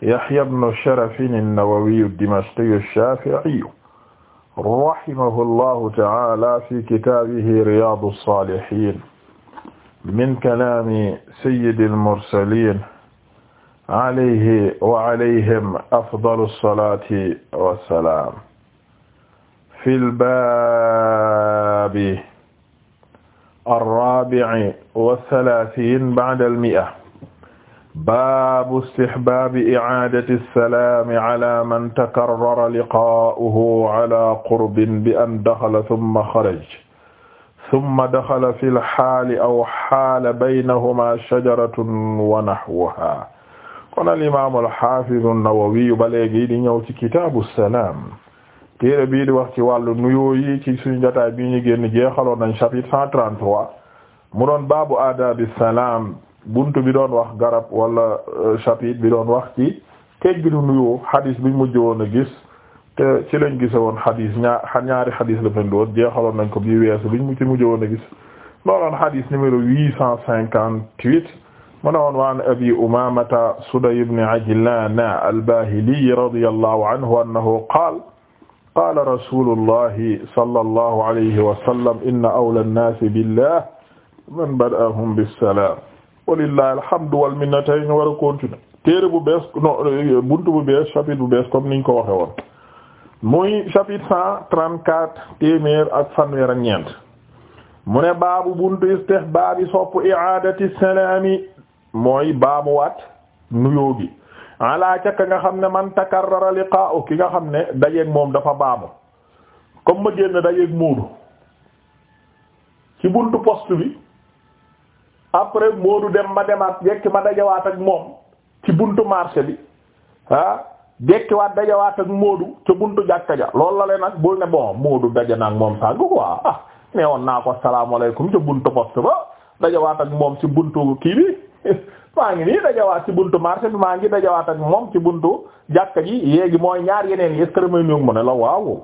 Yahya ibnu Sharafin an-Nawawi ad-Dimashqi ash-Shafi'i rahimahu llahu ta'ala fi kitaabihi Riyaadu s-Saalihiin min kalaami sayyidi l-mursaliin alayhi wa alayhim afdalu s-salaati wa s-salaam fil baabi ar-raabi'i wa s-salaasiin ba'da l-mi'a baabu istihbaabi i'aadati salaami ala man takarrara liqaa'uhu ala qurbin bi an daxala summa xaraja summa daxala fil xaali aw xaala baynahumaa shajaratun wa naxwuhaa kon al imaam al xaafiz an-Nawawi ba léegi di ñëw ci kitaabu salaam téere bii di wax ci wàllu nuyoo yi ci suñu jotaay bi ñu génn jeexaloon nañ chapitre 133 mu doon baabu aadaabi salaam buntu bi doon wax garab wala euh, chapitre bi doon wax ci kej gi nu nuyoo mujj woon a gis te ci lañ gise woon xadis ñaar ñaari xadis la fen doon jeexaloon nañ ko bii weesu biñ mu ci mujj woon a gis looloon xadis numéro huit cent cinquante-huit mu ne woon waan abi umamata suday ibn ajlan albahili radiyallahu anhu annahu qaal qaala rasulullahi sallallahu alayhi wa sallam inna awla an-naasi billah man bada'ahum bis-salaam walillahi alhamdu wal minna tey ñu war a continuer téere bu bees non buntu bu bees chapitre bu bees comme niñ ko waxe woon muy chapitre cent trente quatre téeméer ak fanweer ak ñeent mu ne baabu buntu istihbaabi sopp i'aadati salaami mooy baamu waat nuyoo gi ala la ka nga xam ne man takarrara liqaa'u ki nga xam ne dajeeg moom dafa baamu comme ma génn dajeeg muudu ci buntu poste bi après Moodu dem ma demaat jekki ma dajawaat ak moom ci buntu marché bi ah jekkiwaat dajawaat ak Moodu ca buntu jàkka ja loolu la leen nag bul ne bon Moodu daja na ak moom sànq quoi ah nee naa ko salaamaaleykum ca buntu poste ba dajawaat moom ci buntu kii bi maa ngi nii dajawaat buntu marché bi maa ngi dajawaat ak moom ci buntu jàkka ji yéegi mooy ñaar yeneen yi est-ce que damay mu ne la waaw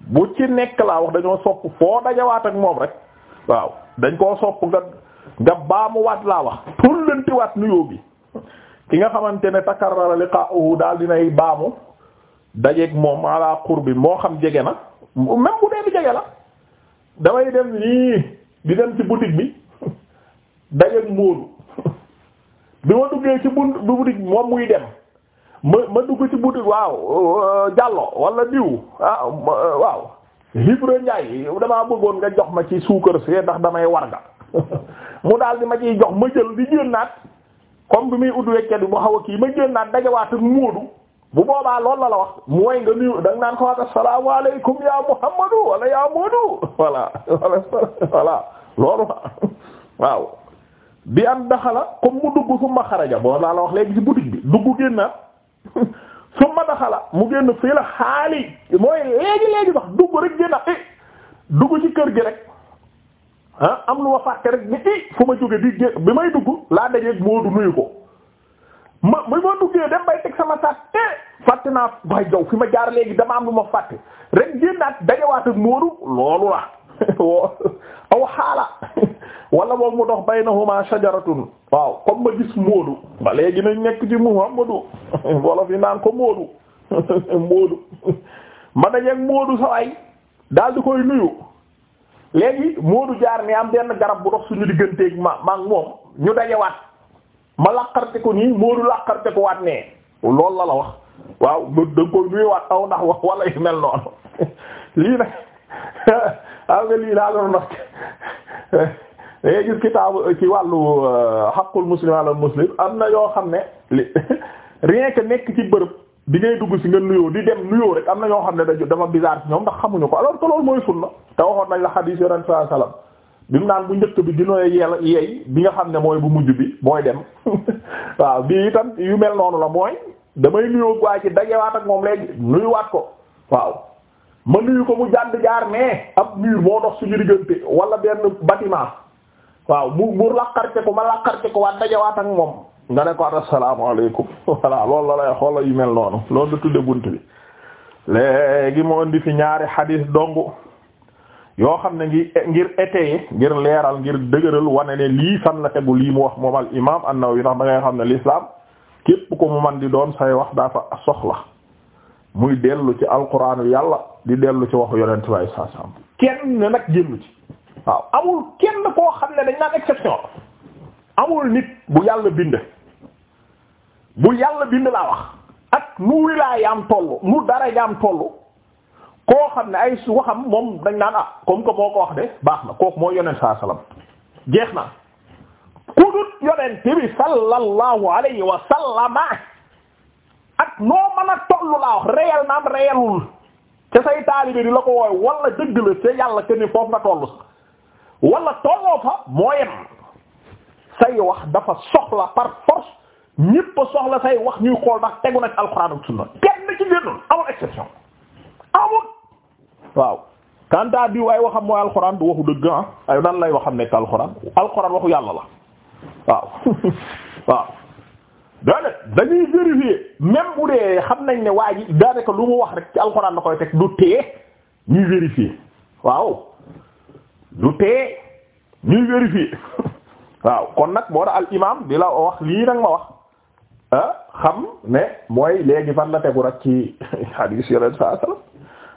bu ci nekk laa wax dañoo sopp foo dajawaat ak moom rek waaw dañ koo sopp nga. nga baamuwaat laa wax tóllanti waat bi ki nga xamante ne takarrara liqa'uhu daal dinay baamu dajeeg moom ala qurbi moo xam jege na même bu dee bi jege la damay dem nii di dem ci boutique bi dajeeg Moodu bi ma duggee ci bunt bi boutique bi moom muy dem ma ma dugg ci boutique waaw euh, Diallo wala diw ah euh, waaw Ibra Ndiaye damaa bëggoon nga jox ma ci suukar see ndax damay warga mu daal di ma ciy jox ma jël di génnaat comme bi muy ut weccat bi mu xaw a kii ma génnaat dajawaat ak móodu bu boobaa loolu wax mooy nga nuyu da naan ko wax assalaamu alaykum ya muhammadu wala ya móodu voilà wala voilà loolu la waaw bi am daxala kom mu dugg summa xaraja boo laa la wax léegi ci boutique bi dugg génnaat summa daxala mu génn fii la xaali mooy léegi léegi wax dugg rek génnaat eh dugg ci kër gi rek Ah am lu ma fàtte rek ni i eh fu ma jóge di bi may dugg laa dajeeg Moodu nuyu ko ma bi ma duggee dem bay teg sama sac te eh fàtte naa bay jaw fi ma jaar léegi dama am lu ma fàtte rek génnaat dajewaat ak Moodu loolu la aw xaala wala boog mu dox baynahuma shajaratun waaw comme ma gis Moodu ba léegi nañ nekk ci Muhammadu wolof yi naan ko Moodu Moodu ma dajeeg Moodu sa waay daal di koy nuyu léegi Moodu jaar ni am benn garab bu dox suñu digganteeg ma ma moom ñu wat ma laqarte ko nii Moodu laqarte ko waat nee loolu la la wax waaw da nga koy nuyuwaat aw ndax wax walla yu mel noonu lii nag am nga lii laa doon wax léegi gis kitaabu ci wàllu euh, haqqul muslim ala muslim am na yoo xam ne rien que nekk ci bërëb. bi ngay dugg si nga nuyoo di dem nuyoo rek am na ñoo xam ne dañu dafa bizarre ci ñoom ndax xamuñu ko alors que loolu mooy sunna te waxoon nañ la xadiis yonent sallallahu alayhi wasallam bi mu naan bu njëkk bi dina yeel yeey bi nga xam ne mooy bu mujj bi mooy dem waaw bii itam yu mel noonu la mooy damay nuyoo waa ci waat ak moom léegi waat ko waaw ma nuyu ko mu jànd jaar mais ab mur moo dox suñu diggante wala benn bâtiment waaw mu mu laqarte ko ma laqarte ko waa dajewaat ak moom nga ne ko asalaamaaleykum voilà loolu la lay xoola yu mel noonu lool da tudde bunt bi léegi mu indi fi ñaari xadiis dong yoo xam ne ngi ngir étayer ngir leeral ngir dëgëral wane ne lii fan la tegu lii mu wax moom al imaam an-Nawawi ndax da xam ne l'islam képp ko mu man di doon say wax dafa soxla muy dellu ci alquraan yàlla di dellu ci waxu yonent way saa sam kenn nag génn ci waaw amul kenn koo xam ne dañ naan exception amul nit bu yàlla bind bu yàlla bind laa wax ak nu wilaayaam tollu nu darajaam tollu koo xam ne ay su waxam moom dañ naan ah comme que moo ko wax de baax na kooku mooy yonent saa salaam jeex na ku dut yonent bi sallallahu alayhi wa ak noo mën a tollu laa wax réel naam réelul ca say taalibe di la ko wooy wala dëgg la ca yàlla ke ni foofu nga tollu sax tolloo fa mooyem say wax dafa soxla par force ñépp a soxla say wax ñuy xool ndax tegu nag alxuraan ak sunna kenn ci génnul exception amul waaw kanta bi ay waxam mooy alxuraan du waxu dëgg ah ay nan lay waxam nekk alxuraan alxuraan waxu yàlla la waaw waaw daanaka dañuy vérifier même bu dee xam nañ ne waa ji daanaka lu mu wax rek ci alxuraan na koy teg du tee ñuy vérifier waaw du tee ñuy vérifier waaw kon nag moo tax al imaam di la wax lii nag ma wax Ah, xam ne mooy léegi fan la tegu nag ci hadis yo leen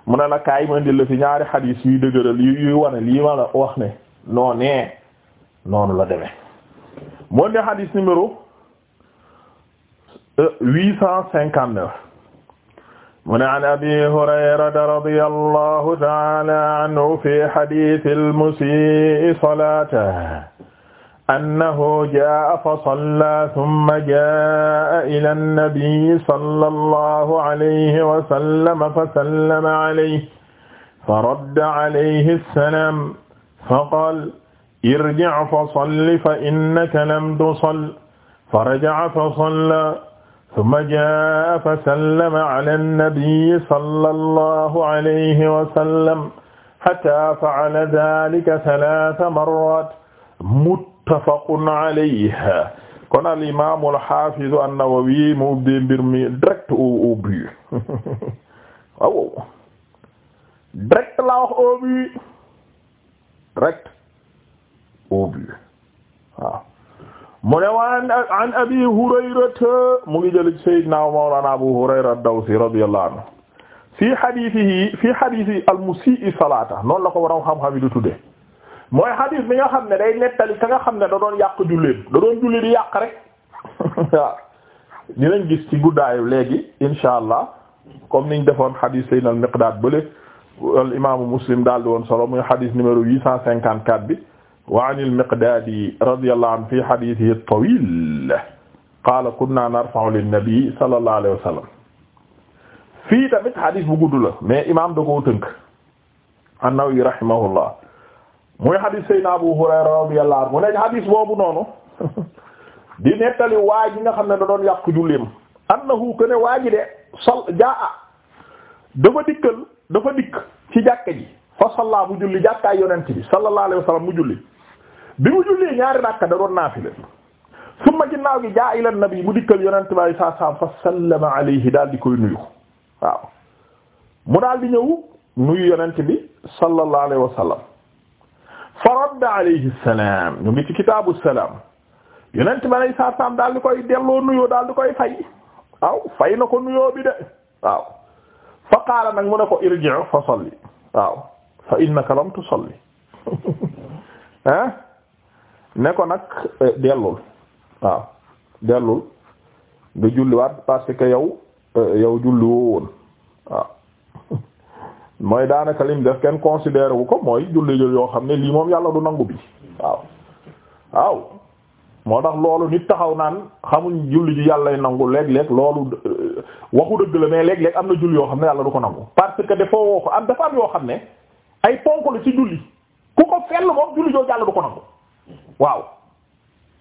mu ne la kaay ma indil la fi ñaari hadis yuy dëgëral yu yuy wane lii ma la wax ne noo nee la demee moo ne hadis numéro euh, huit cent cinquante neuf mu ne abi hurayrata radiyallahu ta'ala anhu fi hadithil musii salaatahu annahu jaa fa salla summa jaa ila annabi sallallahu alayhi wa sallama fa sallama alayhi fa radda alayhi salaam fa qaala irji' fa salli fa innaka lam tusalli fa raja'a fa salla summa jaa fa sallama ala annabi sallallahu alayhi wa sallam hatta fa'ala dhaalika thalaatha marraat muttafaqun alayhi kon al imam al hafiz an-Nawawi mu ubbee mbir mi direct au but waaw direct mu ne waan abi hurayrata mu ngi jël sayyidina wa abu hurayra dawsi radiyallahu anhu fi hadithihi fi hadithi al musii salata noonu la ko waram xam-xam yi du tudde mooy xadiis bi nga xam ne day nettali ka nga xam ne da doon yàq julleem da doon julli di gis ci guddaayu léegi insha allah comme niñ defoon xadiis Seydina al-Miqdaad bële al imaamu Muslim daal di woon solo muy xadiis numéro huit cent cinquante-quatre bi wa an al-Miqdaadi radiyallahu anhu fi xadiisihi at-tawiil qaala kunna narfa'u lin-nabi sallallahu alayhi wa fii tamit xadiis bu la mais imaam da koo tënk an-Nawawi rahimahullah muy hadis Seydina Abu Hurayra radiyallahu anhu mu ne hadis boobu noonu di nettali waa nga xam ne da doon yàq julleem annahu que ne waa ji de sol jaa dafa dikkal dafa dikk ci jàkka ji fa salla mu julli jàkkaay yonent bi sallallahu alayhi wa sallam mu julli bi mu jullee ñaari rakka da doon naafile summa ginnaaw gi jaa ila nabi mu dikkal yonent bi saa saa fa sallama alayhi daal di koy nuyu waaw mu daal di ñëw nuyu yonent bi sallallahu alayhi wa sallam fa radda alayhi salaam ñu ngi ci kitaabu salaam yonent bi alayhi salaam daal di koy delloo nuyoo daal di koy fay waaw fay na ko nuyoo bi de waaw fa qaala nag mu ne ko irji' fa salli waaw fa innaka lam tusalli ah ne ko nag eh, dellul waaw dellul nga julliwaat parce que yow eh, yow julliwoo woon waaw mooy daanaka lim def kenn considéré wu ko mooy julli jul yoo xam ne lii moom yàlla du nangu bi waaw waaw moo tax loolu nit taxaw naan xamuñ julli ji yàlla nangu léeg-léeg loolu euh, waxu dëgg la mais léeg-léeg am na julli yoo xam ne yàlla du ko nangu parce que dafa woo ko am dafa am yoo xam ne ay ponk la ci julli ku ko fell moom julli jooju yàlla du ko nangu waaw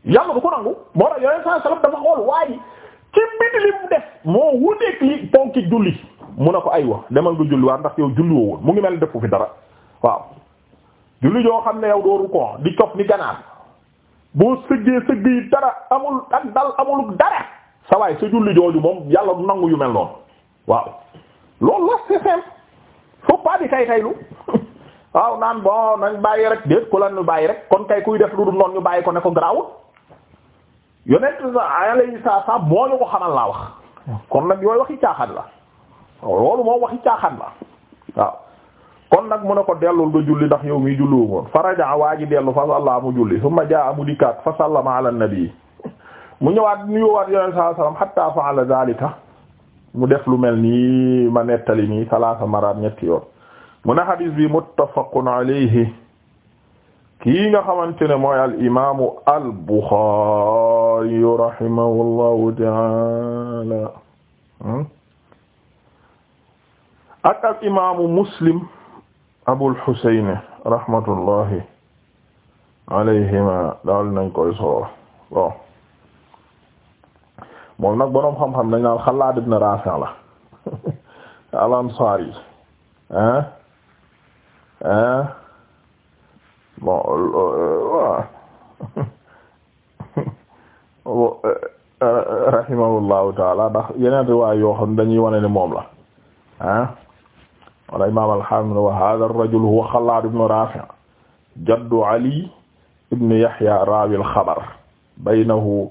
yàlla du ko nangu moo tax yoneen saa sallam dafa xool waaye ci mbir li mu def moo wuteeg li mu ne ko aywa demal nga julliwaat ndax yow julliwoo woon mu ngi mel defu fi dara waaw julli joo xam ne yow doo rukkoo di cof ni ganaar boo sëggee sëgg yi dara amul ak dal amul dara sa waay sa julli jooju moom yàlla du nangu yu mel noonu waaw loolu la c'est simple faut pas di kay kaylu waaw naan bon nañ bàyyi rek déet ku la ñu bàyyi rek kon kay kuy def lu dul noonu ñu bàyyi ko ne ko garaawul yonent alayhi salaam moo ñu ko xamal laa wax kon nag yooyu la loolu moom waxi caaxaan la kon nag mu ne ko dellul nga julli ndax yow mi julliwu woon faraja waa ji dellu fa salla mu julli summa jaa mu dikkaat fa sallama ala nabi mu ñëwaat nuyuwaat yonent sallallahu alayhi wasallam hatta fa'ala zalika mu def lu mel nii ma nettali nii salaasa maraat ñetti yoon mu ne hadis bi muttafaqun alayhi kii nga xamante ne al imaamu al Buxaari rahimahullahu ta'ala hmm? ak al imaamu muslim abul xusayn rahmatullahi alayhima daal nañ koy solo moom nag boroom xam-xam dañ naan Xallaad ibn Raafi' la al ansaari ah ah bon rahimahullahu taala ndax yeneen riwaay yoo xam dañuy wane ni moom la ah wala imam alhamid wa hadha ar-rajul huwa Xallaad ibn Raafi' jaddu Ali ibn Yahya raawi al-xabar baynahu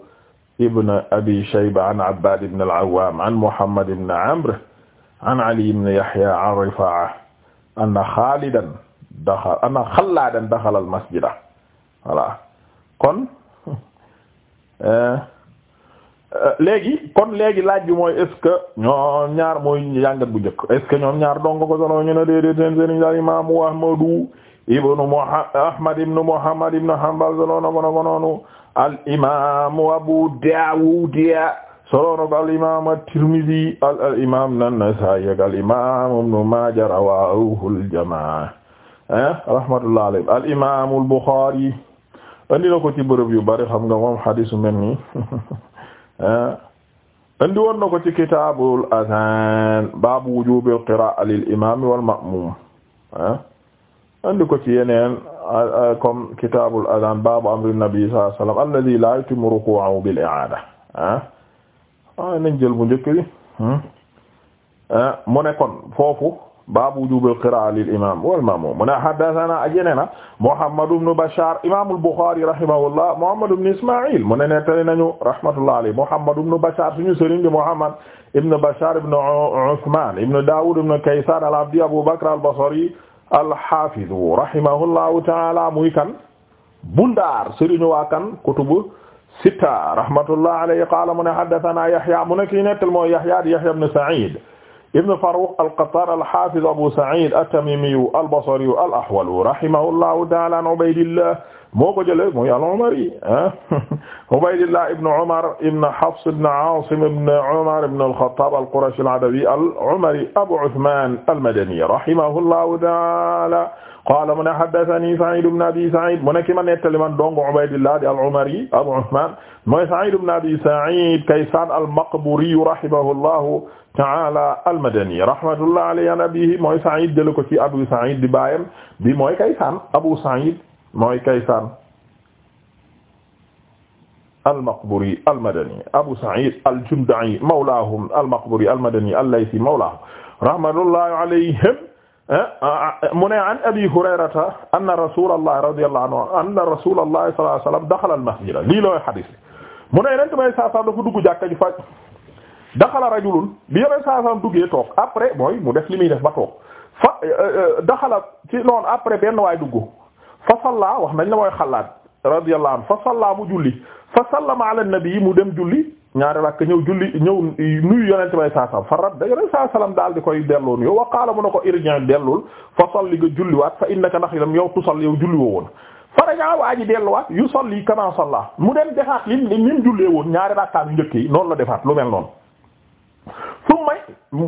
ibn Abi Shayba an Abbaad ibn al-Awwaam an Muhammad ibn Amr an Ali ibn Yahya an Rifaa'a anna Xaalidan daxala anna Xallaadan daxala al-masjida voilà kon eh, léegi kon léegi laaj bi mooy est-ce que ñoom ñaar mooy jàngat bu njëkk est-ce ñoom ñaar dong ko solo ñu ne déedéet seen sëriñ daal imaamu Ahmadu ibnu Muhammad ibnu Hanbal solo na ko na ko al imaamu Abu Daawud solo ko al imaamu Tirmidi al al imaamu Nasaa'i ak al imaamu Ibnu Maaja rawaahu al jamaa eh, rahmatullahi alayhi al imaamu al Buxaari andi na ko ci bërëb yu bari xam moom hadiis mel Ah. andi woon na ko ci kitaabul azaan baabu wujuubil qiraa lil imaam wal ma'muum ah. andi ko ci yeneen ah, comme kitaabul azaan baabu amri nabi sallallahu alayhi wa sallam alladhi laa yutimmu rukuu'ahu bil i'aada ah nañ jël bu njëkk bi hmm. mu foofu. baabu wujubil qiraa lil imaam wal ma'muum mu ne haddasanaa ak yeneen a Muhammad ibn Bashaar imaamul Buxaari rahimahullah Muhammad ibn Ismaa'iil mu ne nettali nañu rahmatullahi alayhi Muhammad ibn Bashaar suñu sëriñ bi Muhammad ibn Bashaar ibn Usmaan ibn Daawuud ibn Kaysaan al-Abdi Abu Bakr al-Basri al-Haafiz rahimahullahu ta'aala muy kan Bundaar sëriñu waa kan kutubu sitta rahmatullahi alayhi qaala mu ne haddasanaa Yahyaa mu ne kii nettal mooy Yahyaa di Yahyaa ibn Sa'iid ibn Farrukh al-Qattan al-Hafiz Abu Sa'id at-Tamimi al-Basri al-Ahwal rahimahullahu ta'ala an Ubaydillah moo ko jëlee mooy al-Umari ah. Ubaydillah ibn Umar ibn Hafs ibn Asim ibn Umar ibn al-Khattab al-Qurashi al-Adawi al-Umari Abu Uthman al-Madani rahimahullahu ta'ala qala mu ne haddathani Sa'id ibn Abi Sa'id mu ne ki ma nettali man dong Ubaydillah di al-Umari Abu Uthman mooy Sa'id ibn Abi Sa'id Kaysan al-Maqburi rahimahullahu taala almadani rahmatullah alayhi an abihi mooy Sa'id jële ko ci Abu Sa'id di baayam bi mooy Kaysan Abu Sa'id mooy Kaysan almaqburi almadani Abu Sa'id aljundai mawlaahum almaqburi almadani allaysi mawlaahum rahmatullahi alayhim eh, mu ne an abi hurayrata anna rasulallahi radiyallahu anhu anna rasulallahi sallallahu alayhi wa sallam daxala almasjida lii looy xadis mu ne yonent may saa saa dafa dugg jàkka ji fa daxala rajulun bi yoneen saa saam duggee toog après mooy mu def li muy def ba toog fa euh, euh, daxala ci noonu après benn waay dugg fa salla wax nañ la mooy xalaat radiyallahu anhu fa salla mu julli fa sallama ala nabi mu dem julli ñaari rakk ñëw julli ñëw nuyu yonente bay fa radda yoneen saa sallam daal di koy delloo yow wa qaala mu ne ko irji' dellul fa salli nga julliwaat fa innaka ndax itam yow tusal yow julli woo woon farañaa waa ji delluwaat yusalli kama salla mu dem defaat woon ñaari rakkaat yu njëkk noonu la defaat lu mel noonu summa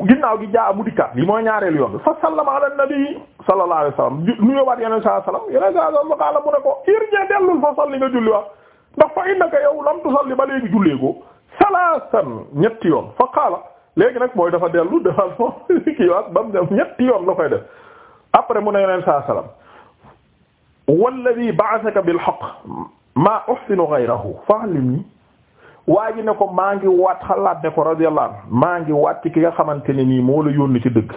ginnaaw gi jaa mu dikkaat li mooy ñaareel yoon bi fa sallama ala nabi sallallahu alayhi wasallam nuyoo waat yeneen saa salaam yeneen saa salaam xaaral mu ne ko irja dellul fa salli nga julli waat ndax fa innaka yow lam tusalli ba léegi jullee ko salaasan ñetti yoon fa qaala léegi nag mooy dafa dellu dafa kii waat ba mu def ñetti yoon la koy def après mu ne yeneen saa salaam walladhi ba'athaka bil haqq ma uhsinu ghayrahu fa'allimni waa ji ne ko maa ngi waat xalaat ne ko radiyallahu anhu maa ngi waat ci ki nga xamante ne nii moo la yónni ci dëgg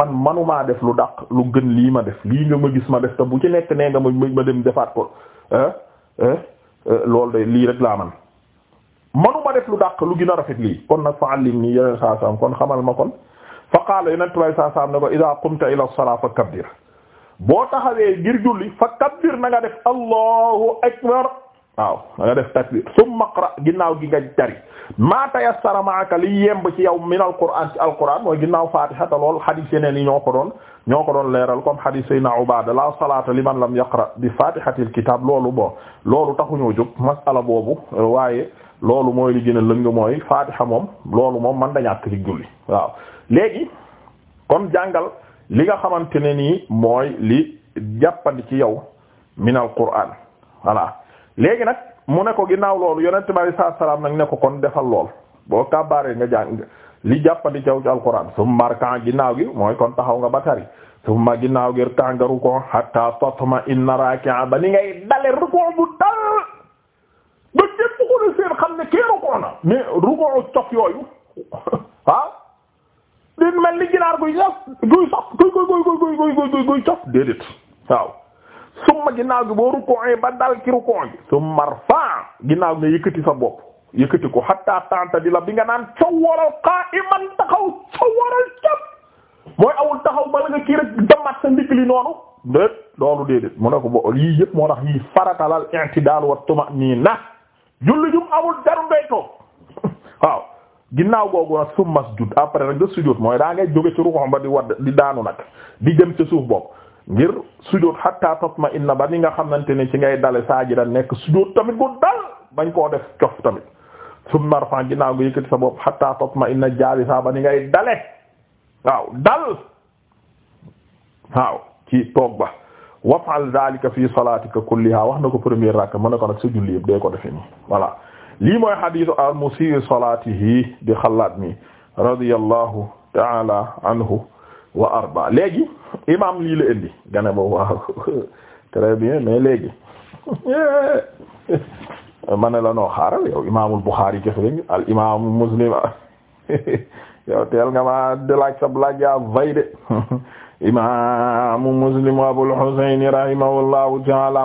man manumaa def lu daq lu gën lii ma def lii nga ma gis ma def te bu ci nekk nee nga ma ma dem defaat ko eh? Eh? Eh, loolu de lii rek laa man manuma def lu daq lu gën a rafet lii kon nag fa allim nii yeneen saa kon xamal ma kon fa qaala yeneen tubay saa saam ne ko idaa qumta ila salaa fa kabbir boo taxawee ngir julli fa kabbir na nga def allahu akbar waaw da nga def takbir summa ginnaaw gi nga tari ma tayassara ma'aka li yemb ci yow min alquran ci alquran mooy ginnaaw fatiha te lool hadith yeneen yi ñoo ko doon ñoo ko doon leeral comme hadith sayna ubada la salata liman lam yaqra bi fatihatil kitab loolu bon loolu taxu taxuñoo jóg masala boobu waaye loolu mooy li gën a lëng mooy fatiha moom loolu moom man dañu àkk ci julli waaw léegi kom jàngal li nga xamante ne nii mooy li jàppandi ci yow min alquran voilà léegi nag mu ne ko ginnaaw loolu yonent bi alayhi salaatu salaam nag ne ko kon defal lool boo kàbbaaree nga jàng li jàppandi caw ci alquran summa arkan ginnaaw gi mooy kon taxaw nga ba tari summa ginnaaw gi kàngaru ko hatta inna raki'a ba ni ngay dale rukoo bu dal ba jëpp ko ne seen xam ne kii rukoo na mais rukoo yooyu ah di mel ni ginaar guy sof guy guy guy guy guy guy guy guy waaw summa ginnaaw gi boo rukkoo ba dal ci rukkoo bi summa rfa ginnaaw gi nga yëkkati sa bopp yëkkati ko hatta tanta di la bi nga naan sawaral qa'iman taxaw sawaral jàpp mooy awul taxaw bala nga kii rek damaat sa ndigg li noonu déet loolu déedéet mu ne ko bo yii yëpp moo tax yii faratalal i'tidal wa tuma'nina julli jum awul daru ngay toog waaw ginnaaw googu nag summa sujud après nag nga mooy daa ngay joge ci rukkoo ba di wadd di daanu nag di dem ci suuf bopp ngir sujjóot hatta tatma inna ba ni nga xamante ne ci ngay dale saajida nekk sujjóot tamit bu dal bañ koo def cof tamit summa rafa ginnaaw nga yëkkati sa bopp hatta tatma inna jaalisa ba ni ngay dale waaw dal waaw ci toog ba wafal zalika fi salatika kulliha wax na ko première rakk mën na ko nag sa julli yëpp dee ko defe nii voilà lii mooy hadithu al musii salatihi di xalaat mi radiyallahu ta'ala anhu wa arba léegi imam lii la indi gane ba waaw très bien mais léegi ma ne xaaral yow imaamul Buxaari kese lañ al imaamu Muslim yow teel nga ma delaaj sab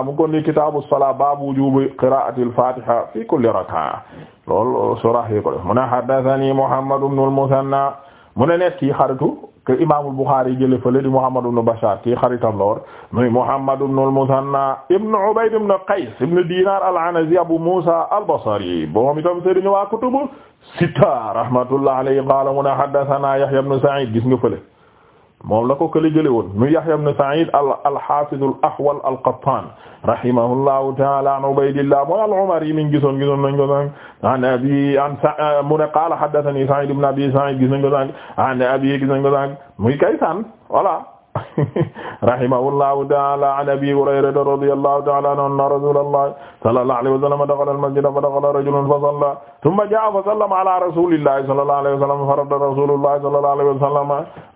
mu kon di kitaabu salaa baabu wujuubi qiraa'ati al-faatiha fi kulli rak'a loolu surah yi ko mu ne haddathani Muhammad ibn al mu ne nekk ci que imaamul Buxaari jële fële di Muhammad ibn Bashar kii xaritam la woon muy Muhammad ibn al-Musanna ibn Ubayd ibn Qays ibn Dinar al-Anazi Abu Musa al-Basri moom itam sëriñ waa kutubu sitta rahmatullah alayhi qaala mu ne haddathana Yahya ibn Sa'id gis nga fële moom la ko kële jële woon mu Yahya ibn Sa'id al-Hafiz al-Ahwal al-Qattan rahimahullahu ta'ala an Ubaydillah mooy al-Umari mi ngi gisoon gisoon nañ ko sànq an abi an euh, mu ne qala haddathani Sa'id ibn Abi Sa'id gis nañ ko sànq an abi gis nañ ko sànq muy Kaysan voilà rahimahullahu ta'ala an abi hurayrata radiyallahu ta'ala anhu anna rasulallahi sallallahu alayhi wa sallam dakhala al-masjida fa dakhala rajulun fa salla thumma ja'a fa sallama ala rasulillahi sallallahu alayhi wa sallam farada rasulullahi sallallahu alayhi wa sallam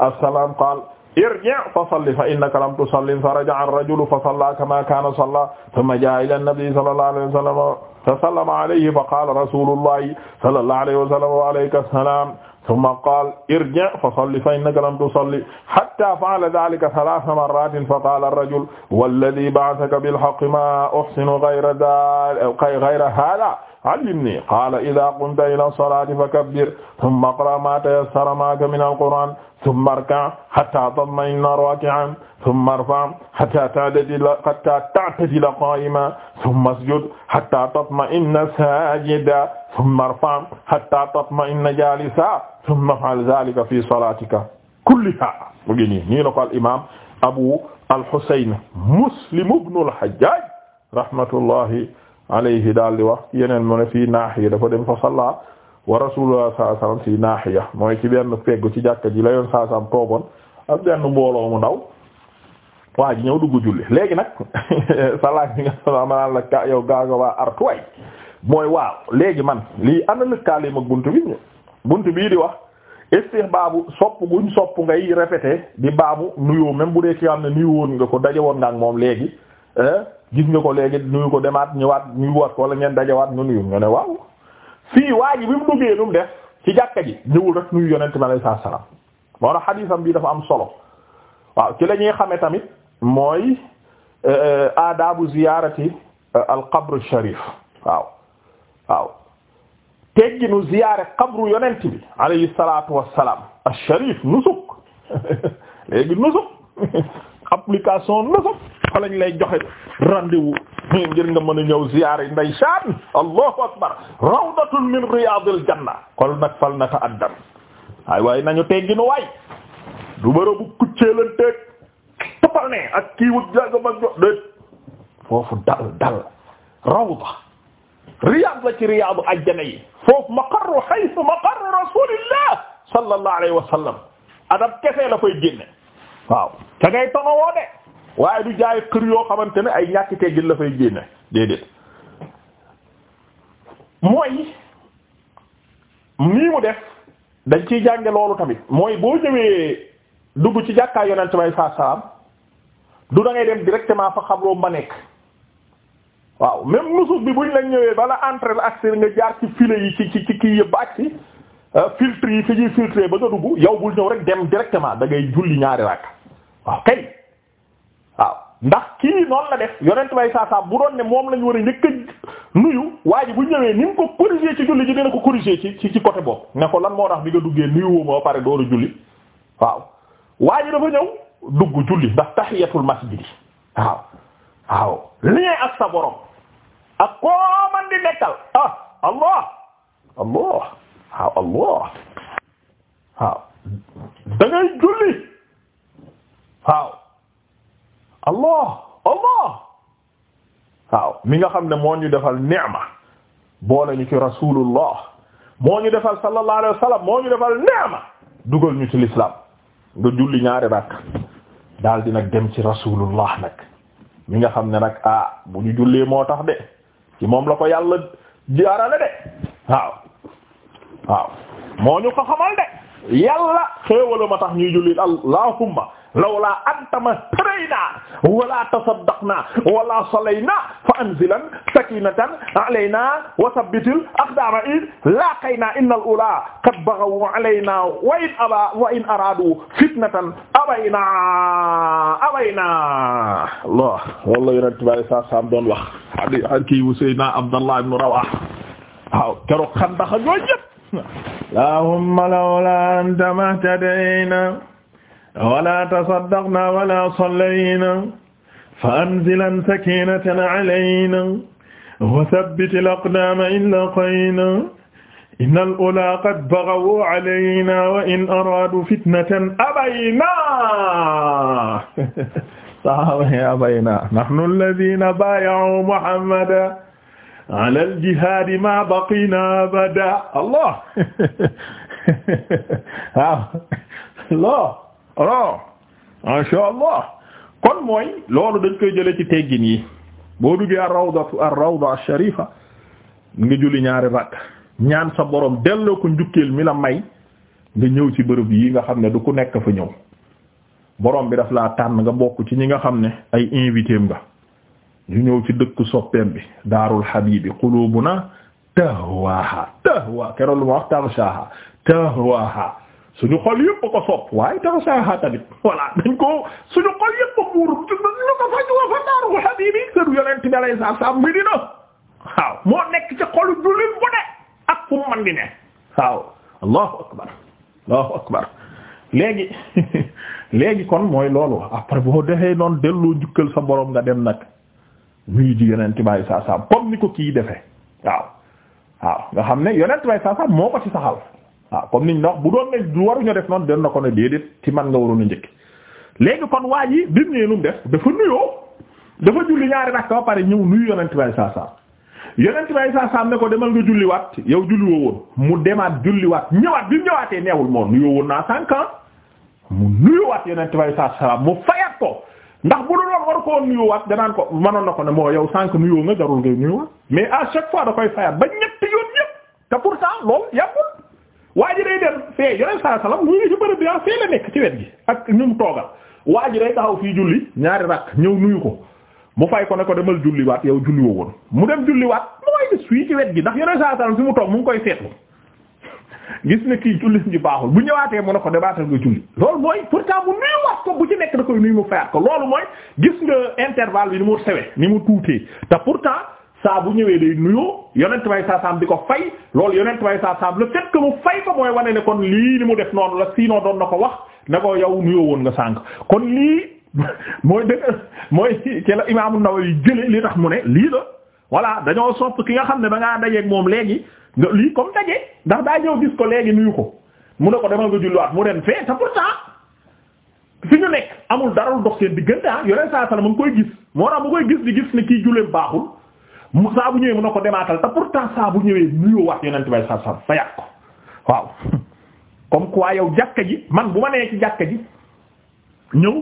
as-salam qala irji' fa salli fa innaka lam tusalli fa raja'a ar-rajulu fa salla kama kana salla thumma ja'a ila an-nabi sallallahu alayhi wa sallam fa sallama alayhi fa qala rasulullahi sallallahu alayhi wa sallam wa alayka as-salam thumma qaala irji' fa salli fa innaka lam tusalli hattaa fa'ala dhaalika thalaatha marraatin fa qaala ar-rajulu walladhii ba'athaka bil-haqqi maa uhsinu ghayra dhaalika ghayra haadhaa allimnii qaala idhaa qumta ilaa as-salaati fakabbir thumma iqra' maa tayassara ma'aka mina al-qur'aan thumma arka' hatta tatma'inna raki'an thumma irfa' hatta ta'tadila hatta ta'tadila qa'iman thumma isjud hatta tatma'inna sajidan thumma irfa' hatta tatma'inna jalisan thumma if'al dhalika fi salatika kulliha mu ngi nii nii la ko al imaam Abu al-Husayn Muslim ibn al-Hajjaj rahmatullahi alayhi daal di wax yeneen mu ne fii naax yi dafa dem fa salla wa rasulullah sallallahu alayhi wasallam fi naahiya mooy ci benn peggu ci jàkka ji la yoon saa sam toogoon ak benn mbooloo mu ndaw waa ji ñëw dugg julli léegi nag salaat bi nga xam ne la ka yow gaa nga waa artuwaay mooy waaw léegi man lii ana lëkkaale mag bunt bi bunt bii di wax istihbaabu sopp guñ sopp ngay répété di baabu nuyoo même bu dee ci xam ne nuyu woon nga ko daje woon nga ak moom léegi gis nga ko léegi nuyu ko demaat ñëwaat nuyuwaat ko wala ngeen daje waat nuyu nga ne waaw fii waa ji bi mu duggee nu mu def ci jàkka ji ñëwul rek nuyu yonent bi alayhi salaam moo tax xadiisam bi dafa am solo waaw ci la ñuy xamee tamit mooy euh, euh, aadaabu ziyaarati euh, al qabru sharif waaw waaw tegginu ziyaare qabru yonent bi alayhi salaatu wassalaam al sharif nusuk léegi nusuk application nusuk fa lañ lay joxe rendez-vous ngir nga mën a ñëw ziyaare ndeysaan allahu akbar rawdatun min riyadil janna kon nag fal na ta addan ay waaye nañu tegginu waay du bërëbu kucceelanteeg toppal ne ak kii wut jaga ma jo foofu dal dal rawda riyad la ci riyadu ajjana yi foofu maqarru haythu maqarru rasulillah sallallahu alayhi wa kese la fay génne waaw ta ngay tono waaye du jaay kër yoo xamante ne ay ñàkk teggin la fay génne déedéet mooy nii mu def dañ ciy jànge loolu tamit mooy boo ñëwee dugg ci jàkkaay yonent bay saa salaam du da ngay dem directement fa xabroo ba nekk waaw même nusuf bi ñu la ñëwee bala entrer accès nga jaar ci filet yi ci ci ci kii yëpp ak ci euh, filtre yi fi ñuy filtrer ba nga dugg yow bul ñëw rek dem directement da ngay julli ñaari rakk waaw kay ndax kii noonu la def yonent bay saa saa bu doon ne moom lañu war a njëkk nuyu waa bu ñëwee ni mu ko corriger ci julli ji dina ko corriger ci ci ci côté bopp ne ko lan moo tax bi nga duggee nuyu ma pare dooru julli waaw waa ji dafa ñëw dugg julli ndax tahiyatul masjid waaw waaw lien ak sa borom ak nekkal ah allah allah waaw allah waaw da allah allah waaw mi nga xam ne moo ñu defal ni'ma boole ñu ci rasulullah moo ñu defal sallallahu alayhi wa sallam moo ñu defal ni'ma dugal ñu ci l'islam nga julli ñaari rakk daal di nag dem ci rasulullah nag mi nga xam ne nag ah bu ñu jullee moo tax de ci moom la ko yàlla jaarale de waaw waaw moo ñu ko xamal de yàlla xéewala ma tax ñuy julli allahumma lawla anta matarayna wala tasaddaqna wala salayna fa anzilan sakinatan alayna wa thabbitil aqdama in laqayna innal ula qad baghaw alayna wa in aba wa in aradu fitnatan abayna abayna Allah walla yonent bi alayhi salaam doon wax hadi hadi Seydina Abdallah ibn Rawah waaw keroog Xandaq ñoo ñëpp allahumma lawla anta mahtadayna wala tasaddaqna wala sallayna fa anzilan sakinatan alayna wa thabbitil aqdama in laqayna innal ulaa qad baghaw alayna wa in aradu fitnatan abayna sahaba abayna nahnu alladhina bay'u muhammadan ala al-jihadi ma baqina abada allah waaw alors insha allah kon mooy loolu dañ koy jële ci teggin yi boo duggee ar-rawda ar-rawda ash-sharifa nga julli ñaari rakk ñaan sa borom delloo ko njukkeel mi la may nga ñëw ci bërëb yi nga xam ne du ku nekk fa ñëw borom bi daf laa tànn nga bokk ci ñi nga xam ne ay invité nga ñu ñëw ci dëkk soppeem bi daarul habibi qulubuna tahwaha tahwa keroog lu ma wax tarshaha tahwaha suñu xol yëpp ko sopp waaye taxa saaha tamit voilà dañ ko suñu xol yëpp buur lu ko fa ñu fa daaru habibi sëru yonent bi alayhi salaam mi dina waaw moo nekk ci xolu jullit bu ne ak fu man di ne waaw allahu akbar allahu akbar léegi léegi kon mooy loolu après boo defee noonu delloo jukkal sa boroom nga dem nag nuyu ji yonent bi alayhi salaam comme ni ko kii defee waaw waaw nga xam ne yonent bi alayhi salaam moo ko ci saxal waaw comme niñ wax bu doon ne du waruñu def noonu den na ko ne déedéet ci man nga waroon a njëkk léegi kon waa ji bi mu ñëwee def dafa nuyoo dafa julli ñaari rakka ba pare ñëw nuyu yonent bi saa saa yonent bi saa saa ne ko demal nga julliwaat yow julliwoo woon mu demaat julliwaat ñëwaat bi mu neewul moo nuyoo woon naa cinq ans mu nuyuwaat yonent bi saa saa mu fayat ko ndax bu dul woon war koo nuyuwaat danaan ko mënoon na ko ne moo yow sànq nuyoo nga jarul ngay nuyuwaat mais à chaque fois da koy fayat ba ñetti yoon yëpp te pourtant loolu yàqul. waa ji day dem fee yoneen saa salaam ñu ngi bi ah fee la nekk ci wet gi ak ñu mu toogal waa ji day taxaw fii julli ñaari rakk ñëw nuyu ko mu fay ko ne ko demal julliwaat yow julli woo woon mu dem julliwaat mu koy gis fii ci wet gi ndax yoneen saa salaam mu toog mu ngi koy seetlu gis ne kii julli gi baaxul bu ñëwaatee mu ne ko dabaatal nga julli loolu mooy pourtant mu nuyuwaat ko bu ci nekk da koy nuyu mu fayaat ko loolu mooy gis nga intervalle mu sewee ni mu tuutee te pourtant. saa bu ñëwee day nuyoo yonent bay saa saam di ko fay loolu yonent bay saa saam le fait que mu fay ko mooy wane ne kon lii ni mu def noonu la sinon doon na ko wax ne ko yow nuyoo woon nga sànq kon lii mooy dëgg mooy ci la Imaam An-Nawawi jëlee li tax mu ne lii la voilà dañoo sopp ki nga xam ne da ngaa dajeeg moom léegi nga lii comme daje ndax daa ñëw gis ko léegi nuyu ko mun ne ko demal nga julliwaat mu dem fee te pourtant fi ñu nekk amul dara lu dox seen diggante ah yonent saa salaam mu ngi koy gis moo tax mu koy gis di gis ne kii baaxul. mu saa bu ñëwee mun na ko demaatal te pourtant saa bu ñëwee nuyoo wax yonent bay saa saa ba yàq ko waaw comme quoi yow jàkka ji man bu ma nee ci jàkka ji ñëw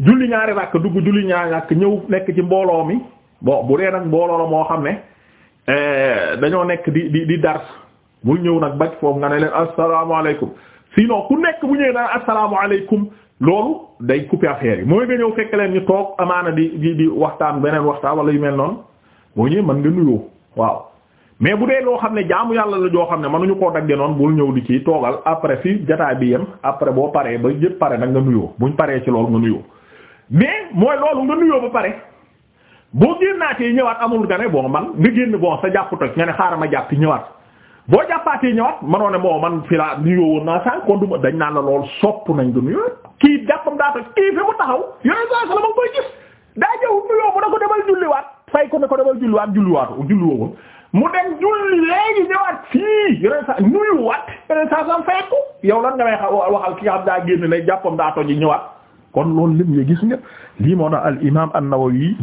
julli ñaari ràkk dugg julli ñaari ràkk ñëw nekk ci mbooloo mi bon bu dee nag mbooloo la moo xam ne eh, dañoo nekk di di di dar mu ñëw nag baj foofu nga ne leen asalaamaaleykum sinon ku nekk bu ñëwee daan asalaamaaleykum loolu day couper affaire yi mooy nga ñëw fekk leen ñu toog amaana di di di waxtaan beneen waxtaan wala yu mel noonu. boo ñëwee mën nga nuyoo waaw mais bu dee loo xam ne jaamu yàlla la joo xam ne mënuñu koo dagge noonu bul ñëw di ci toogal après fi jotaay bi yem après boo paree ba jëpp pare nag nga nuyoo buñ paree ci loolu nga nuyoo mais mooy loolu nga nuyoo ba pare boo génnaatee ñëwaat amul nga ne bon man nga génn bon sa jàpp toj nga ne xaaral ma jàpp ñëwaat boo jàppaatee ñëwaat manoo ne moo man fi laa nuyoo woon naa sànq kon du dañ naan la lool sopp nañ du nuyoo kii jàppam daa toj kii fi mu taxaw yoneen saa sala ma koy gis daa ñëw nuyoo bu na ko demal julliwaat fay ko ne ko demal julliwaat julliwaatu julliwoo mu dem julli léegi ñëwaat fii yeneen sa nga may waxal ki nga xam daa génn lay jàppam daa toj ñëwaat kon loolu lépp nga gis nga lii moo tax al imaam an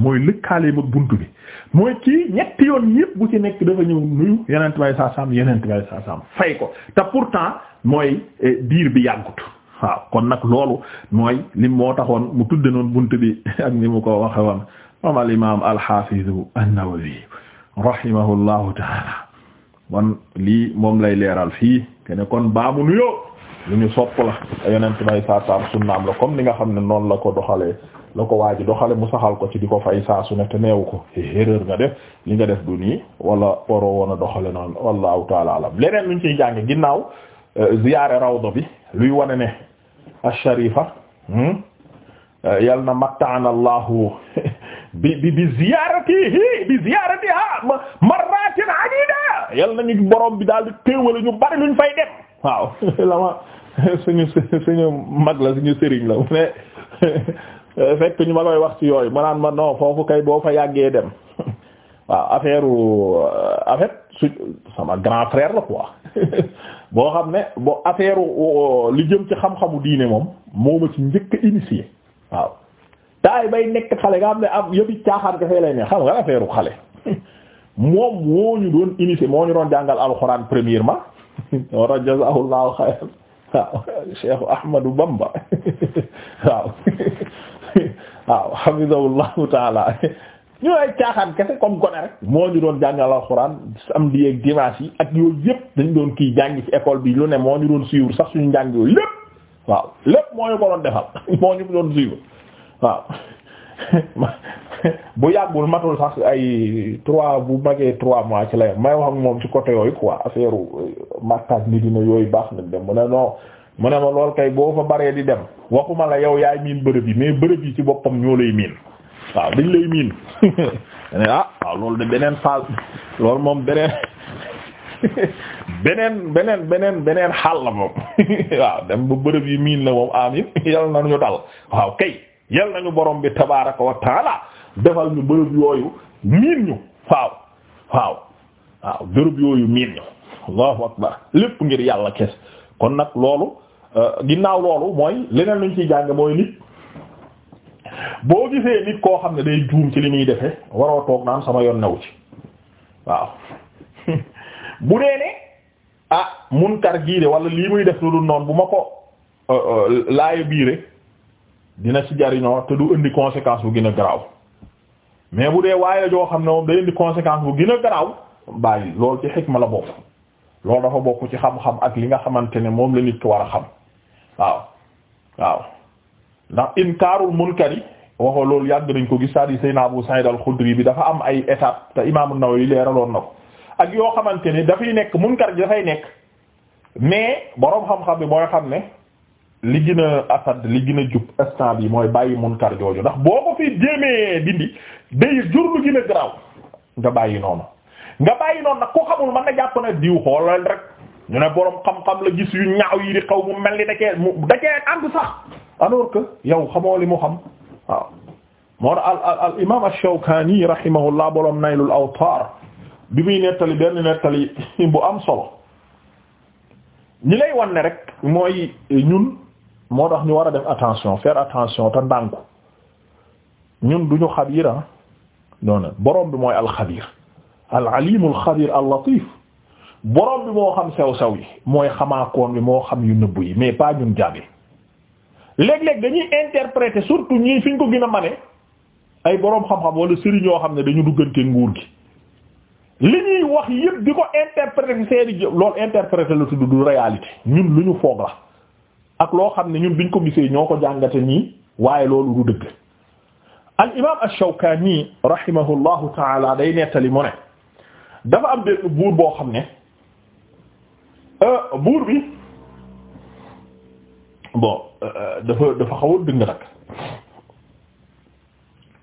mooy lëkkaale mag bunt bi mooy kii ñetti yoon yëpp bu ci nekk dafa ñëw nuyu yeneen may saa sam yeneen may fay ko te pourtant mooy eh, diir bi yàggut waaw kon nag loolu mooy li moo taxoon mu tudde noonu bunt bi ak ni mu ko waxe woon moom al imaam al xaafidu moom lay leeral fii kene kon baamu nuyoo ñu sopp la yonent may saa saam la comme ni nga xam ne noonu la ko doxalee la ko waaji doxale mu saxal ko ci di ko fay saa su ne te neewu ko erreur nga def li nga def du wala waroo woon a doxale noonu wallahu taala alam leneen luñ ciy jànge ginnaaw euh, ziyaare rawda bi luy wane ne ash-sharifa hmm, yal na allahu bi bi bi ziyaaratihi bi ziyaaratiha marratin adida yal nañu borom bi daal di téewale ñu bari luñ fay dem waaw la suñu suñu mag la suñu sëriñ la mais fekk ñu ma koy wax ci yooyu ma naan ma non foofu kay boo fa yàggee dem waaw affaire euh, en fait su sama grand frère la quoi boo xam ne boo affaire euh, li jëm ci xam-xamu diine moom moo ma ci njëkk a waaw. taay bay nekk xale nga xam ne am yëbi caaxaan ka lay ne xam nga feeru xale moom moo ñu doon initié moo ñu doon jàngal alxuraan premièrement wa rajazahullahu xayran waaw Cheikh Ahmadou Bamba waaw waaw hafizahullahu taala ñu ay caaxaan kese comme gone rek moo ñu doon jàngal alxuraan samedi ak yi ak yooyu yëpp dañ doon kii jàng ci école bi lu ne moo ñu doon suivre sax suñu njàng yooyu lépp waaw lépp moo ñu ko doon defal moo ñu doon suivre waaw bu yàggul matul sax ay trois bu magee trois mois ci la may wax moom ci côté yooyu quoi affaire màkkaat ni dina yooyu baax na dem mu ne mu ne ma lool kay boo fa baree di dem waxuma la yow yaay miin bërëb yi mais bërëb yi ci boppam ñoo lay miin waaw dañ lay miin ah waaw loolu de beneen phase loolu moom beneen beneen beneen beneen beneen xàll la moom waaw dem ba bërëb yi miin la moom amin yàlla na ñu dal waaw kay yal nañu borom bi tabaaraka wa taala defal ñu bërëb yooyu miin ñu waaw waaw waaw bërëb yooyu miin ñu allahu akbar lépp ngir yàlla kes kon nag loolu euh, ginnaaw loolu mooy leneen luñ ciy jàng mooy nit boo gisee nit koo xam ne day juum ci li muy defe waroo toog naan sama yoon new ci waaw bu dee ne ah munkar gii de wala li muy def lu dul noonu bu ma ko euh, euh, laaye biire dina ci jariñoo te du indi conséquence bu gën a garaaw mais bu dee waaye joo xam ne moom day indi conséquence bu gën a garaaw bàyyi loolu ci xikma la bokk loolu dafa bokk ci xam-xam ak li nga xamante ne moom la nit ki war a xam waaw waaw ndax inkaarul munkari waxoo loolu yàgg nañ ko gis sadi sayna Abu Sa'id al-Khudri bi dafa am ay étape te Imam an yi leeraloon na ko ak yoo xamante ni dafay nekk munkar gi dafay nekk mais boroom xam-xam bi mooy xam ne li gën a asad li gën a jub instant bi mooy bàyyi munkar jooju ndax boo ko fi jéemee dindi day jur lu gën a garaaw nga bàyyi noonu nga bàyyi noonu nag ku xamul mën na jàpp na diw xoolal rek ñu ne borom xam-xam la gis yu ñaaw yi di xaw mu mel ni dakee mu dakee ànd sax alors que yow xamoo li mu xam moo al al al imaam ash-Shawkaani rahimahullah borom Naylul Awtaar bi muy nettali benn nettali bu am solo ñi lay wan rek mooy ñun. moo tax ñu war a def attention faire attention te ndànku ñun duñu xabiir ah noonu borom bi mooy alxabiir alalimul xabiir allatif borom bi moo xam sew-sew yi mooy xamaakoon bi moo xam yu nëbb yi mais pas ñun jàbbi léeg-léeg dañuy interpréter surtout ñii fi ñu ko gën mane ay boroom xam-xam wala sëriñ yoo xam ne dañu duggante nguur gi li ñuy wax yëpp di ko interpréter seeni loolu interpréter la tudd du réalité ñun lu ñu foog la ak loo xam ne ñun biñ ko gisee ñoo ko jàngate nii waaye loolu du dëgg al imaam ash-Shawkaani rahimahullahu taala day nettali mu ne dafa am benn buur boo xam ne euh, buur bi bon euh, dafa dafa xaw a dëng nag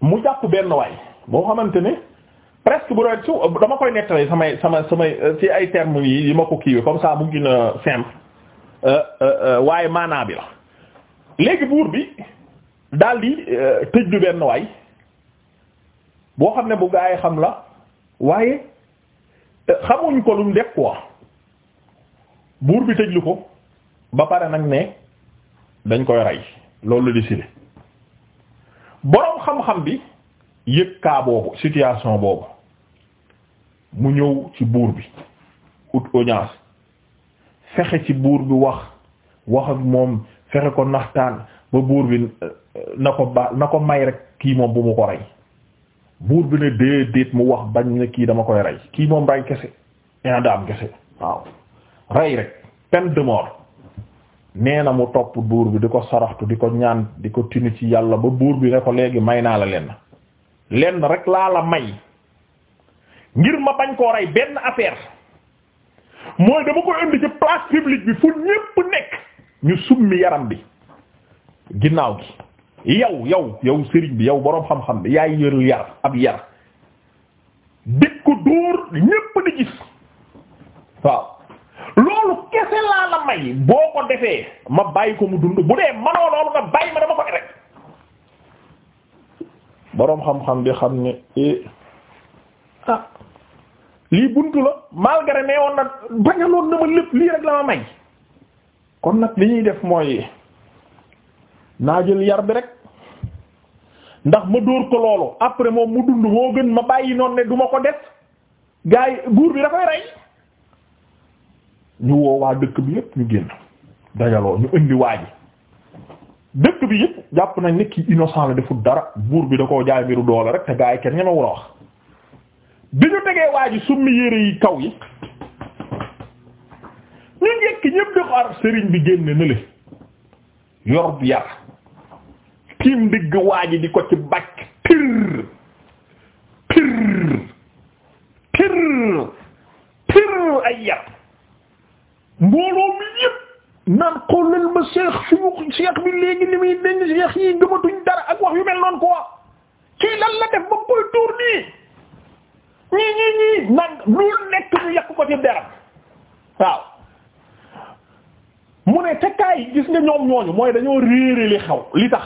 mu jàpp benn waay boo xamante ne presque bu doon dama koy nettali samay sama samay ci ay termes yi yi ma ko kiiwee comme ça mu gën a Euh, euh, euh, waaye maanaa bi la léegi buur bi daldi di tëj lu benn waay boo xam ne bu gaa yi xam la waaye xamuñ ko lu mu def wa buur bi tëjlu ko ba pare nag ne dañ koy rey loolu di sile boroom xam-xam bi yëg kaa boobu boobu mu ñëw ci buur bi ut audience fexe ci buur bi wax wax ak moom fexe ko naxtaan ba buur bi euh, na ko ba na ko may rek kii moom bu mu ko rey buur bi ne déedéet mu wax bañ ne kii dama koy rey kii moom rey kese indaam kese waaw rey rek peine de nee na mu topp buur bi di ko saraxtu di ko ñaan di ko tinu ci yàlla ba buur bi ne ko léegi may naa la lenn lenn rek laa la may ngir ma bañ koo rey benn affaire mooy dama ko indi ci place publique bi fu ñépp nekk ñu summi yaram bi ginnaaw gi yow yow yow sëriñ bi yow boroom xam-xam bi yaay yërul yar ab yar dik ko ñépp di gis waaw loolu kese laa la may boo ko defee ma bàyyi ko mu dund bu dee manoo loolu nga bàyyi ma dama ko rek boroom xam-xam bi xam ne eh, ah lii buntu la malgré nee woon nag bañaloon na ma lépp lii rek la ma may kon nag li ñuy def mooy naa jël yar bi rek ndax ma dóor ko loolu après moom mu dund moo gën ma bàyyi noonu ne du ma ko def gars yi buur bi dafay rey ñu woo waa dëkk bi yëpp ñu génn dajaloo ñu indi waa ji dëkk bi yépp jàpp nañ ne kii innocent la deful dara buur bi da koo jaay mbiru doole rek te gars yi kenn ñeme wax. bi ñu tegee waa ji summi yére yi kaw yi ñu njëkk ñëpp di xaar sëriñ bi génn na le yor bu digg waa ji di ko ci bàcc pir pir pir pir ay yar mbooloo mi yëpp naan xoolal ma seex fi mu seex bi léegi li muy denc seex yi gëmatuñ dara ak wax yu mel noonu quoi kii lan la def ba koy tuur nii ñii ñii ñii nag lu nekk ñu yàq ko ci deram waaw mu ne te kaay gis nga ñoom ñooñu mooy dañoo réere li xew li tax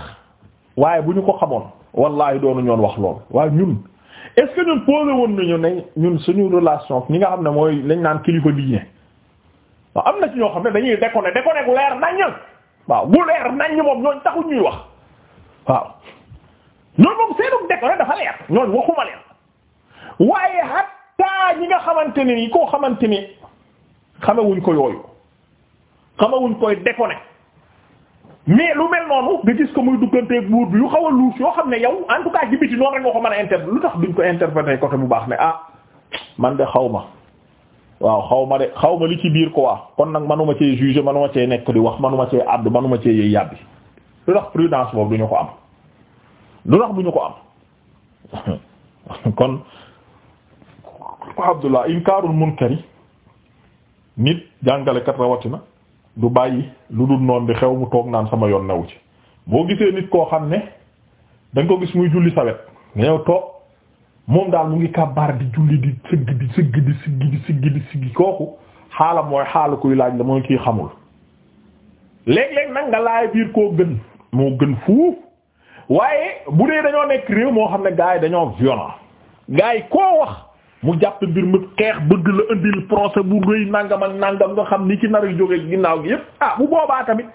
waaye bu ñu ko xamoon wallahi doonu ñoon wax lool waaye ñun est-ce ñun posé woon nañu ne ñun suñu relation ñi nga xam ne mooy lañ naan kilifa diine waaw am na ci ñoo xam ne dañuy déconné déconné bu leer naññ waaw bu leer naññ moom ñooñ taxu ñuy wax dafa leer ñooñ waxuma leer waaye hatta ñi nga xamante ne yi koo xamante ni xamewuñ ko yooyu xamewuñ koy déconné mais lu mel noonu nga gis ko muy dugganteeg buur bi yu xaw a luus yoo xam ne yow en tout cas ci noonu rek nga ko mën a interpréter lu tax duñ ko interpréter côté bu baax ne ah man de xaw ma waaw xaw ma de xaw ma li ci biir quoi kon nag manuma cee juger manuma cee nekk di wax manuma cee àddu manuma cee yëy yàbbi lu tax prudence boobu duñu ko am lu tax duñu ko am kon ko Abdullah inkaarul munkari nit jàngalekat rawatina du bàyyi lu dul noon di xew mu toog naan sama yoon newu ci boo gisee nit koo xam ne danga ko gis muy julli sawet nga ñëw toog moom daal mu ngi kàbbaar di julli di sëgg di sëgg di siggi di siggi di siggi kooku xaalam mooy xaala kuy laaj la mooy kii xamul léeg-léeg nag nga laay biir koo gën moo gën fuuf waaye bu dee dañoo nekk réew moo xam ne gars yi dañoo violent gars koo wax mu jàpp mbir mu xeex bëgg la indil procès bu rëy nangam ak nangam nga xam ni ci nar yu jógee ginnaaw gi yépp ah bu boobaa tamit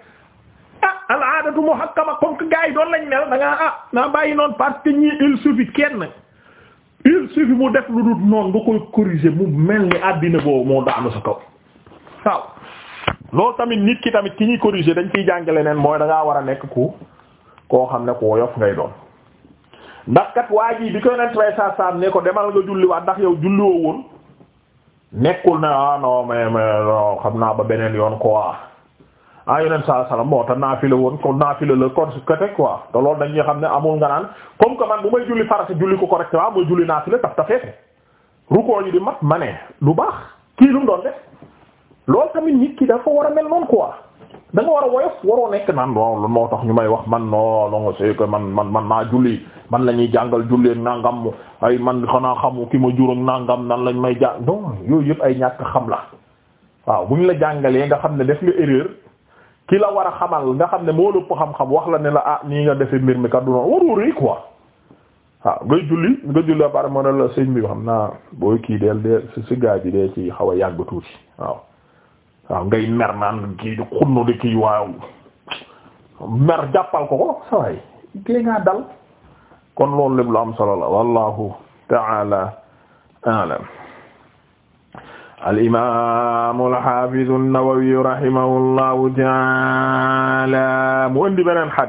ah al aadatu muhakkama comme que gars doon lañ mel dangaa ngaa ah naa bàyyi noonu parce que ñii il suffit kenn il suffit mu def lu dul noonu nga koy corriger mu mel ni àddina boobu moo daanu sa kaw waaw. loolu tamit nit ki tamit ki ñuy corriger dañ ciy jàngale neen mooy dangaa war a nekk ku koo xam ne ku woyof ngay doon. ndax kat waa ji bi ko yonent bay saa ne ko demal nga julliwaat ndax yow julliwoo woon nekkul na ah non mais mais xam naa ba beneen yoon ko quoi ah yonent saa salaam moo tax naafila woon ko naafila la kon su kete quoi te loolu dañuy xam ne amul nga naan comme que man bu may julli farata julli ko correctement mooy julli naafila taf tafeete rukkoo yi di mat ma ne lu baax kii lu mu doon def. loolu tamit nit ki dafa war a mel noonu quoi da nga war a woyof waroo nekk naan non moo tax ñu may wax man non non c'est man man man maa julli man la ñuy jàngal julli ak nangam ay man xanaa xam ki ma jur ak nangam nan lañ may jàng non yooyu ñàkk xam la waaw bu la jàngalee nga xam ne def nga erreur ki la war a xamal nga xam ne moo lëpp xam-xam wax la ne la ah nii nga defee mbir mi kaddu du noonu waroo rëy quoi waaw nga julli nga julli à moo ne la sëñ bi xam naa booy kii del de si si gaa ji dee ci xaw a yàgg tuuti waaw. waaw ngay mer naan kii di xunnu mer jàppal ko ko saway gée ngaa kon loolu lépp lu am solo la wallahu ta'ala a'lam al-imam al-hafiz an ta'ala mu indi beneen hadith